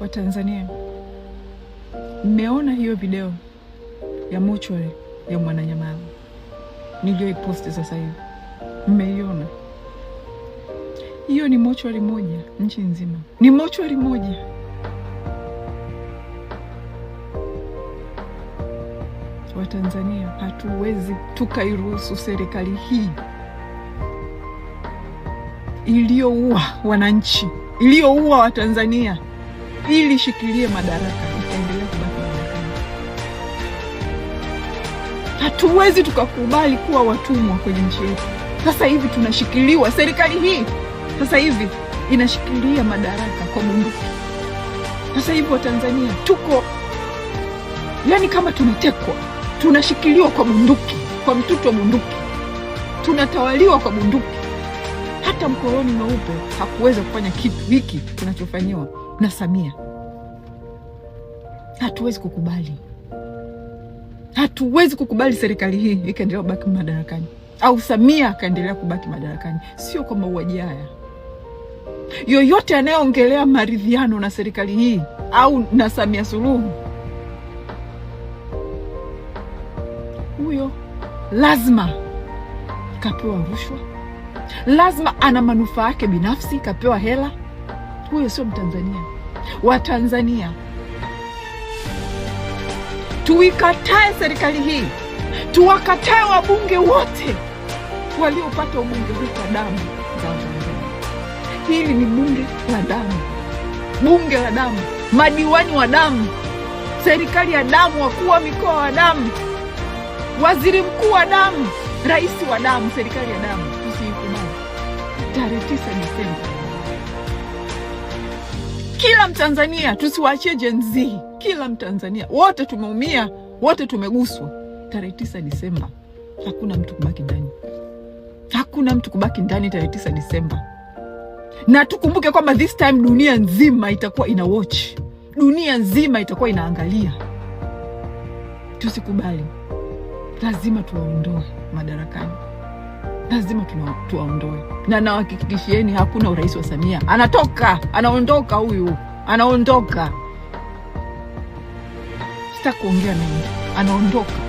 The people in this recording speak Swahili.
Watanzania, mmeona hiyo video ya mochwari ya Mwananyamala niliyoiposti sasa hivi? Mmeiona? Hiyo ni mochwari moja nchi nzima, ni mochwari moja. Watanzania, hatuwezi tukairuhusu serikali hii iliyoua wananchi iliyoua Watanzania ili shikilie madaraka, itaendelea kubaki madarakani. Hatuwezi tukakubali kuwa watumwa kwenye nchi yetu. Sasa hivi tunashikiliwa, serikali hii sasa hivi inashikilia madaraka kwa bunduki. Sasa hivi Watanzania tuko yani kama tunatekwa, tunashikiliwa kwa bunduki, kwa mtutu wa bunduki, tunatawaliwa kwa bunduki hata mkoloni mweupe hakuweza kufanya kitu hiki kinachofanyiwa na Samia. Hatuwezi kukubali, hatuwezi kukubali serikali hii ikaendelea kubaki madarakani au Samia akaendelea kubaki madarakani. Sio kwa mauaji haya. Yoyote anayeongelea maridhiano na serikali hii au na Samia Suluhu, huyo lazima kapewa rushwa lazima ana manufaa yake binafsi, kapewa hela. Huyo sio Mtanzania. Watanzania, tuikatae serikali hii, tuwakatae wabunge wote waliopata ubunge huu kwa damu za Watanzania. Hili ni bunge la damu, bunge la damu, madiwani wa damu, serikali ya damu, wakuu wa mikoa wa damu, waziri mkuu wa damu, rais wa damu, serikali ya damu tarehe 9 Desemba. Kila Mtanzania, tusiwaachie Gen Z. Kila Mtanzania wote tumeumia, wote tumeguswa. Tarehe 9 Desemba, hakuna mtu kubaki ndani, hakuna mtu kubaki ndani tarehe 9 Desemba. Na tukumbuke kwamba this time dunia nzima itakuwa ina watch, dunia nzima itakuwa inaangalia. Tusikubali, lazima tuwaondoe madarakani lazima tuwaondoe, na nawahakikishieni hakuna urais wa Samia. Anatoka, anaondoka, huyu anaondoka. Sitakuongea mengi, anaondoka.